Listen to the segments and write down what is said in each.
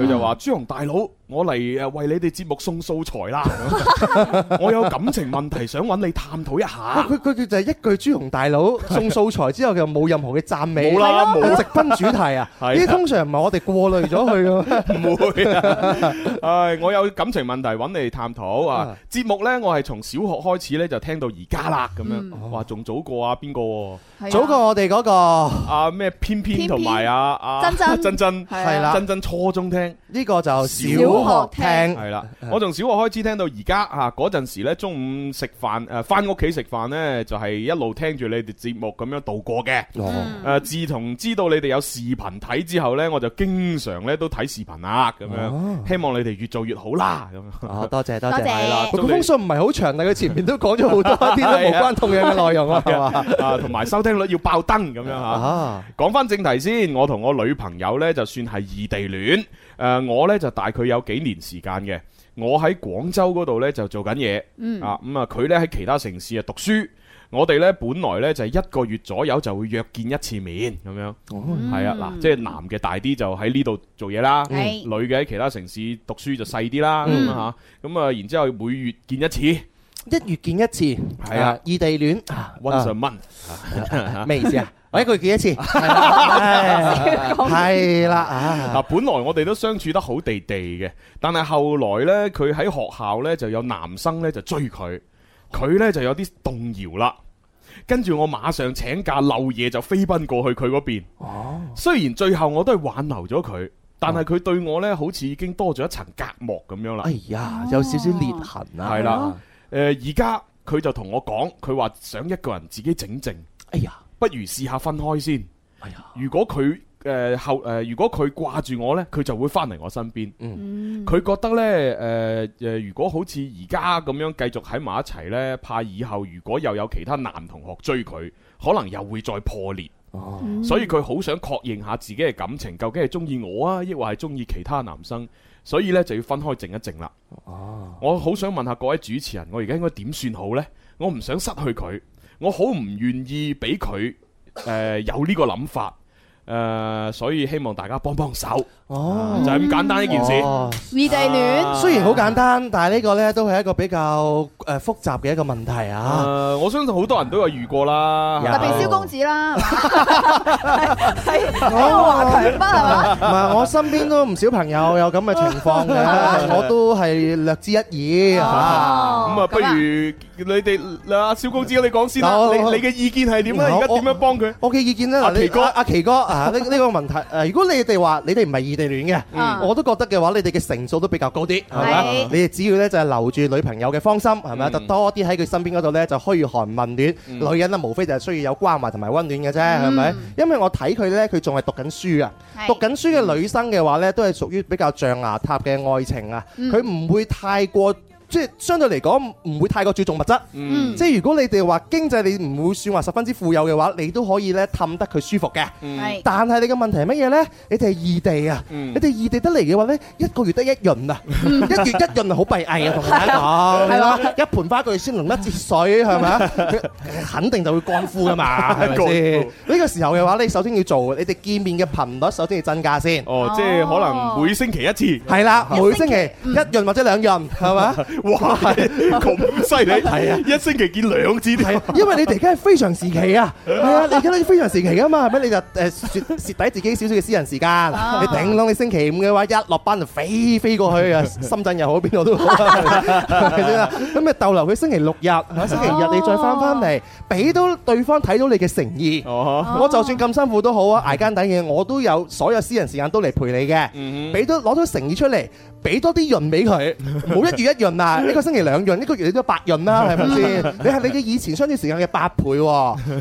佢就話朱紅大佬，我嚟誒為你哋節目送素材啦。我有感情問題想揾你探討一下。佢佢佢就一句朱紅大佬送素材之後就冇任何嘅讚美。冇啦，冇直奔主題啊！呢啲通常唔係我哋過濾咗佢。唔會啊！唉，我有感情問題揾你探討啊。節目呢，我係從小學開始呢，就聽到而家啦。咁樣話仲早過啊，邊個？早過我哋嗰個阿咩偏偏同埋啊，阿真真真真係啦，真真初中聽。呢個就小學聽係啦，我從小學開始聽到而家吓。嗰陣時咧，中午食飯誒，翻屋企食飯呢，就係一路聽住你哋節目咁樣度過嘅。誒，自從知道你哋有視頻睇之後呢，我就經常咧都睇視頻啊，咁樣希望你哋越做越好啦。咁啊，多謝多謝啦。封信唔係好長，但佢前面都講咗好多啲都無關痛癢嘅內容啊，係嘛？啊，同埋收聽率要爆燈咁樣吓。講翻正題先，我同我女朋友呢，就算係異地戀。誒，uh, 我呢就大概有幾年時間嘅，我喺廣州嗰度呢就做緊嘢，嗯、啊，咁、嗯、啊，佢呢喺其他城市啊讀書，我哋呢本來呢就係、是、一個月左右就會約見一次面咁樣，係、嗯、啊，嗱、啊，即係男嘅大啲就喺呢度做嘢啦，嗯、女嘅喺其他城市讀書就細啲啦，咁、嗯、啊，然之後每月見一次，一月見一次，係啊，異地戀、uh,，once a month，咩意思啊？ 哎，佢幾一次？係啦，嗱，本來我哋都相處得好地地嘅，但係後來呢，佢喺學校呢就有男生呢就追佢，佢呢就有啲動搖啦。跟住我馬上請假漏夜就飛奔過去佢嗰邊。哦、啊，雖然最後我都係挽留咗佢，但係佢對我呢好似已經多咗一層隔膜咁樣啦。哎呀，有少少裂痕啦。係啦、啊，誒嗎，而家佢就同我講，佢話想一個人自己靜靜。哎呀！不如試下分開先。如果佢誒、呃、後誒、呃，如果佢掛住我呢，佢就會翻嚟我身邊。嗯，佢覺得呢，誒、呃、誒、呃，如果好似而家咁樣繼續喺埋一齊呢，怕以後如果又有其他男同學追佢，可能又會再破裂。啊、所以佢好想確認下自己嘅感情究竟係中意我啊，抑或係中意其他男生。所以呢，就要分開靜一靜啦。啊、我好想問下各位主持人，我而家應該點算好呢？我唔想失去佢。我好唔願意俾佢誒有呢個諗法。誒，所以希望大家幫幫手，就係咁簡單一件事。異地戀雖然好簡單，但係呢個咧都係一個比較誒複雜嘅一個問題啊。我相信好多人都有遇過啦，特別係蕭公子啦，俾我話佢啦係嘛。唔係，我身邊都唔少朋友有咁嘅情況嘅，我都係略知一二。咁啊，不如你哋阿蕭公子你講先，你你嘅意見係點咧？而家點樣幫佢？我嘅意見咧，阿奇哥，阿奇哥。 啊！呢、這、呢個問題誒、呃，如果你哋話你哋唔係異地戀嘅，嗯、我都覺得嘅話，你哋嘅成數都比較高啲，係咪、啊？啊、你哋只要呢，就係、是、留住女朋友嘅芳心，係咪？嗯、就多啲喺佢身邊嗰度呢，就噓寒問暖。嗯、女人啊，無非就係需要有關懷同埋溫暖嘅啫，係咪、嗯？因為我睇佢呢，佢仲係讀緊書啊，讀緊書嘅女生嘅話呢，都係屬於比較象牙塔嘅愛情啊，佢唔、嗯嗯、會太過。即係相對嚟講唔會太過注重物質，即係如果你哋話經濟你唔會算話十分之富有嘅話，你都可以咧氹得佢舒服嘅。但係你嘅問題係乜嘢呢？你哋係異地啊，你哋異地得嚟嘅話呢，一個月得一潤啊，一月一潤好閉翳啊，同大家講係嘛？一盆花個月先淋一節水係咪？肯定就會乾枯噶嘛，係咪先？呢個時候嘅話，你首先要做，你哋見面嘅頻率首先要增加先。哦，即係可能每星期一次。係啦，每星期一潤或者兩潤係嘛？哇，係咁犀利，係啊！一星期見兩次添，因為你哋而家係非常時期啊，係啊，你而家都要非常時期噶嘛，咪你就誒蝕蝕底自己少少嘅私人時間，你頂撚你星期五嘅話，一落班就飛飛過去啊！深圳又好，邊度都好，係咪先啊？咁咪逗留佢星期六日，星期日你再翻翻嚟，俾到對方睇到你嘅誠意。哦，我就算咁辛苦都好啊，捱更等嘅，我都有所有私人時間都嚟陪你嘅，俾到攞到誠意出嚟。俾多啲潤俾佢，冇一月一潤啊！ 一個星期兩潤，一個月你都八潤啦，係咪先？ 你係你嘅以前相處時間嘅八倍喎，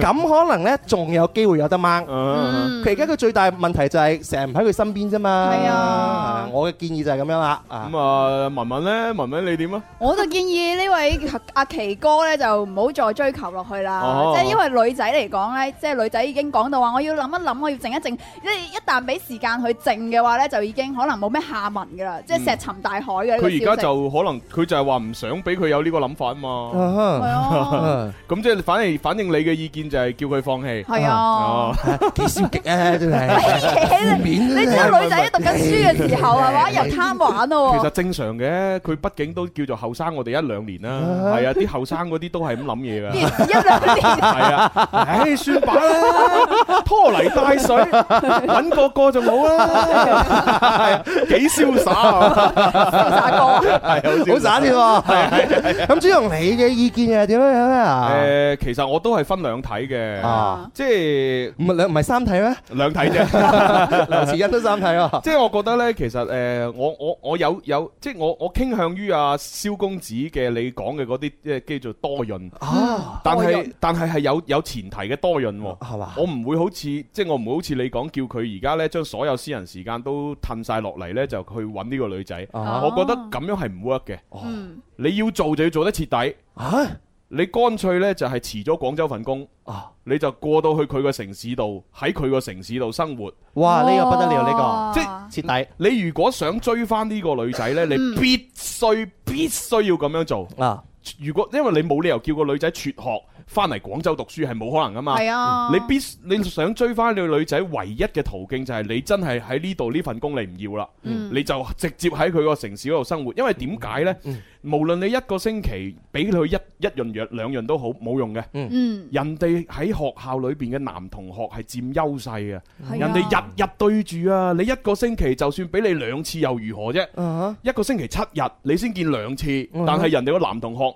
咁、哦、可能咧仲有機會有得掹。佢而家佢最大問題就係成日唔喺佢身邊啫嘛。係、嗯、啊、啊，我嘅建議就係咁樣啦。咁啊、嗯，文文咧，文文你點啊？ 我就建議呢位阿奇哥咧，就唔好再追求落去啦。哦、即係因為女仔嚟講咧，嗯、即係女仔已經講到話，我要諗一諗，我要靜一靜。即係一旦俾時間去靜嘅話咧，就已經可能冇咩下文噶啦。即係。石沉大海嘅，佢而家就可能佢就係話唔想俾佢有呢個諗法啊嘛。咁即係反而反正你嘅意見就係叫佢放棄。係啊，幾消極咧，真係。你知女仔喺讀緊書嘅時候係嘛又貪玩咯。其實正常嘅，佢畢竟都叫做後生，我哋一兩年啦。係啊，啲後生嗰啲都係咁諗嘢噶。一兩年，係啊。唉，算吧啦，拖泥帶水，揾過個就冇啦。係啊，幾瀟灑哥，好散添。咁主容你嘅意見又係點樣樣啊？誒、呃，其實我都係分兩睇嘅，啊、即係唔係兩唔係三睇咩？兩睇啫，劉慈欣都三睇啊。即係我覺得咧，其實誒、呃，我我我有有，即係我我傾向於阿蕭公子嘅你講嘅嗰啲，即係叫做多潤啊。但係但係係有有前提嘅多潤，係嘛？我唔會好似，即係我唔會好似你講，叫佢而家咧將所有私人時間都褪晒落嚟咧，就去揾呢個女。仔，uh, 我覺得咁樣係唔 work 嘅。你要做就要做得徹底。嚇，uh? 你乾脆呢就係、是、辭咗廣州份工啊！Uh, 你就過到去佢個城市度，喺佢個城市度生活。哇！呢、呢個不得了，呢、呢個即係徹底你。你如果想追翻呢個女仔呢，你必須必須要咁樣做啊！Uh, 如果因為你冇理由叫個女仔輟學。翻嚟廣州讀書係冇可能噶嘛？係啊！你必，你想追翻你個女仔，唯一嘅途徑就係你真係喺呢度呢份工你唔要啦，你就直接喺佢個城市嗰度生活。因為點解呢？無論你一個星期俾佢一一樣、兩樣都好，冇用嘅。嗯，人哋喺學校裏邊嘅男同學係佔優勢嘅，人哋日日對住啊！你一個星期就算俾你兩次又如何啫？一個星期七日你先見兩次，但係人哋個男同學。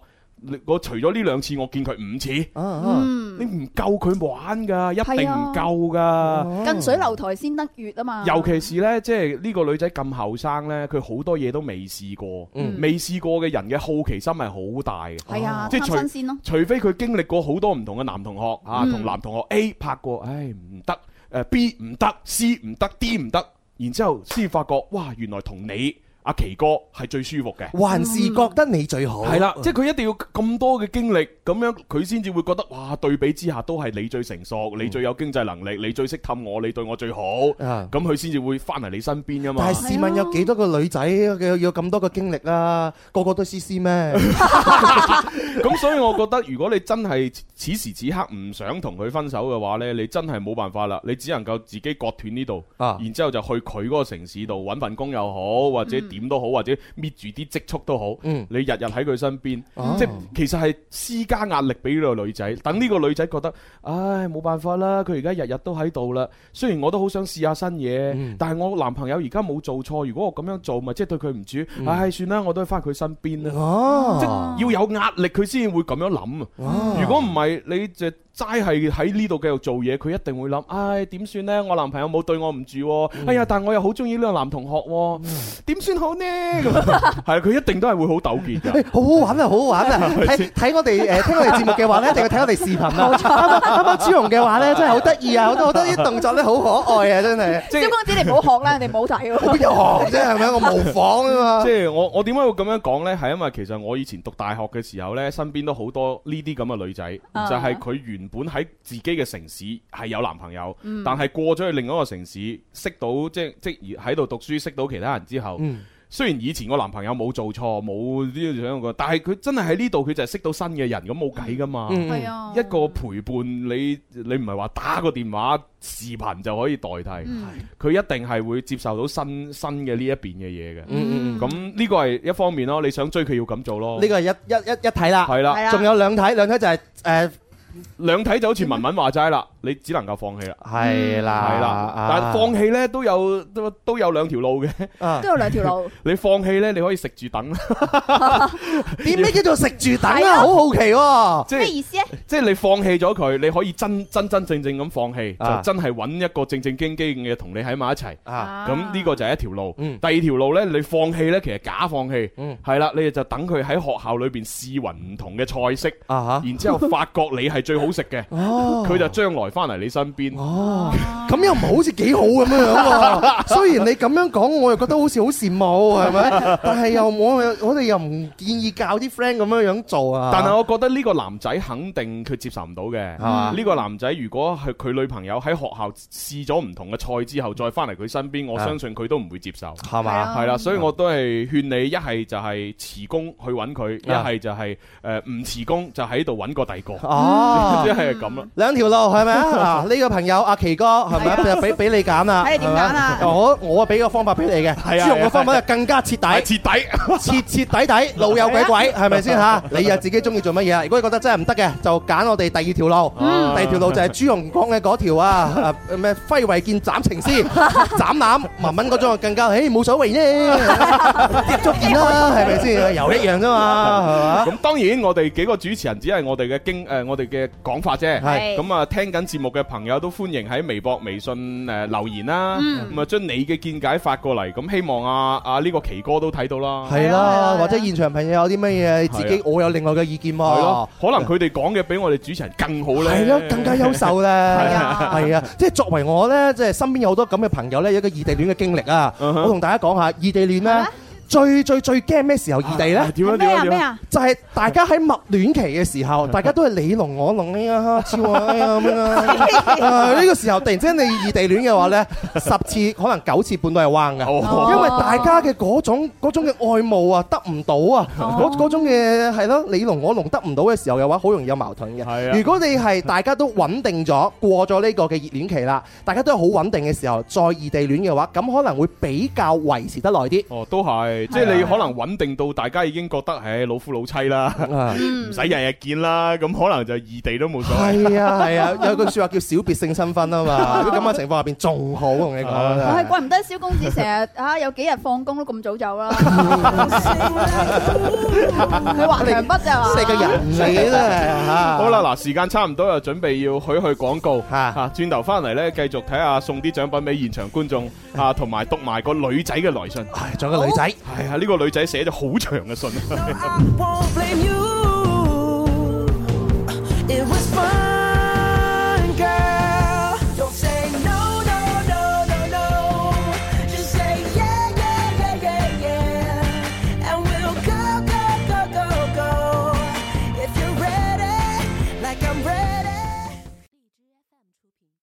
我除咗呢兩次，我見佢五次。啊啊你唔夠佢玩噶，一定唔夠噶。啊啊近水樓台先得月啊嘛。尤其是呢，即係呢個女仔咁後生呢，佢好多嘢都未試過，未、嗯、試過嘅人嘅好奇心係好大。係啊，即係、啊、除非佢經歷過好多唔同嘅男同學啊，同男同學 A 拍過，唉唔得，誒 B 唔得，C 唔得，D 唔得，然之後先發覺，哇原來同你。阿奇哥係最舒服嘅，還是覺得你最好係啦，了嗯、即係佢一定要咁多嘅經歷，咁樣佢先至會覺得哇，對比之下都係你最成熟，嗯、你最有經濟能力，你最識氹我，你對我最好，咁佢先至會翻嚟你身邊噶嘛。但係試問有幾多個女仔有咁多個經歷啊，個個都 C C 咩？咁 所以我覺得如果你真係此時此刻唔想同佢分手嘅話呢，你真係冇辦法啦，你只能夠自己割斷呢度，嗯、然之後就去佢嗰個城市度揾份工又好，或者、嗯。點都好，或者搣住啲積蓄都好，嗯、你日日喺佢身邊，啊、即其實係施加壓力俾呢個女仔，等呢個女仔覺得，唉冇辦法啦，佢而家日日都喺度啦。雖然我都好想試下新嘢，嗯、但係我男朋友而家冇做錯，如果我咁樣做，咪即係對佢唔住。嗯、唉，算啦，我都係翻佢身邊啦。啊、即要有壓力，佢先會咁樣諗。哦、啊，如果唔係，你就，齋係喺呢度繼續做嘢，佢一定會諗，唉點算呢？我男朋友冇對我唔住，哎呀！但係我又好中意呢個男同學喎，點算好呢？係 啊，佢一定都係會好糾結嘅。好好玩啊，好好玩啊！睇睇 我哋誒聽我哋節目嘅話咧，一定要睇我哋視頻啊！啱啱啱啱，朱紅嘅話咧真係好得意啊！我覺得我啲動作咧好可愛啊，真係。朱 公子，你唔好學啦，你唔好睇喎。邊有學啫？係咪啊？我模仿啊嘛。 即係我我點解會咁樣講咧？係因為其實我以前讀大學嘅時候咧，身邊都好多呢啲咁嘅女仔，就係佢原本喺自己嘅城市係有男朋友，但係過咗去另一個城市，識到即即喺度讀書識到其他人之後，雖然以前我男朋友冇做錯冇啲咁樣嘅，但係佢真係喺呢度，佢就係識到新嘅人，咁冇計噶嘛。一個陪伴你，你唔係話打個電話視頻就可以代替，佢一定係會接受到新新嘅呢一邊嘅嘢嘅。咁呢個係一方面咯，你想追佢要咁做咯，呢個係一一一一睇啦。仲有兩睇，兩睇就係誒。兩睇就好似文文話齋啦，你只能夠放棄啦，係啦係啦，但係放棄咧都有都都有兩條路嘅，都有兩條路。你放棄咧，你可以食住等。點咩叫做食住等啊？好好奇，即係咩意思啊？即係你放棄咗佢，你可以真真真正正咁放棄，就真係揾一個正正經經嘅同你喺埋一齊，咁呢個就係一條路。第二條路咧，你放棄咧，其實假放棄，係啦，你就等佢喺學校裏邊試匀唔同嘅菜式，然之後發覺你係。最好食嘅，佢就將來翻嚟你身邊。哦，咁又唔係好似幾好咁樣樣喎。雖然你咁樣講，我又覺得好似好羨慕，係咪？但係又我我哋又唔建議教啲 friend 咁樣樣做啊。但係我覺得呢個男仔肯定佢接受唔到嘅。呢個男仔如果係佢女朋友喺學校試咗唔同嘅菜之後，再翻嚟佢身邊，我相信佢都唔會接受，係嘛？係啦，所以我都係勸你一係就係辭工去揾佢，一係就係誒唔辭工就喺度揾個第二個。即係係咁啦，兩條路係咪啊？呢個朋友阿奇哥係咪啊？俾俾你揀啊？點揀啊？我我俾個方法俾你嘅，朱融嘅方法就更加徹底，徹底，徹徹底底，路有鬼鬼，係咪先吓？你又自己中意做乜嘢啊？如果你覺得真係唔得嘅，就揀我哋第二條路。第二條路就係朱融講嘅嗰條啊，咩揮慧劍斬情絲，斬攬文文嗰種又更加，唉，冇所謂呢，足見啦，係咪先？又一樣咋嘛？係嘛？咁當然，我哋幾個主持人只係我哋嘅經，誒，我哋嘅。嘅講法啫，咁啊聽緊節目嘅朋友都歡迎喺微博、微信誒留言啦，咁啊將你嘅見解發過嚟，咁希望阿阿呢個奇哥都睇到啦，係啦，或者現場朋友有啲乜嘢，自己我有另外嘅意見嘛，可能佢哋講嘅比我哋主持人更好咧，係咯，更加優秀啦，係啊，係啊，即係作為我咧，即係身邊有好多咁嘅朋友咧，有一個異地戀嘅經歷啊，我同大家講下異地戀啦。最最最驚咩時候異地咧？咩啊咩啊！啊啊啊就係大家喺蜜戀期嘅時候， 大家都係你儂我儂呢個啊呢、 啊這個時候突然之間你異地戀嘅話呢， 十次可能九次半都係彎嘅，哦、因為大家嘅嗰種嘅愛慕啊，得唔到啊！嗰、哦、 種嘅係咯，你儂我儂得唔到嘅時候嘅話，好容易有矛盾嘅。 如果你係大家都穩定咗，過咗呢個嘅熱戀期啦，大家都係好穩定嘅時候，再異地戀嘅話，咁可能會比較維持得耐啲。哦，都係。即係你可能穩定到大家已經覺得，係老夫老妻啦，唔使日日見啦，咁可能就異地都冇所謂。係啊係啊，有句說話叫小別勝新婚啊嘛。咁嘅情況下邊仲好，同你講。係怪唔得，小公子成日吓有幾日放工都咁早走啦。佢話你乜啫？你個人死啦！好啦，嗱，時間差唔多，又準備要去去廣告，吓轉頭翻嚟咧，繼續睇下送啲獎品俾現場觀眾，啊，同埋讀埋個女仔嘅來信，仲有個女仔。係啊，呢、哎呢個女仔寫咗好長嘅信。 so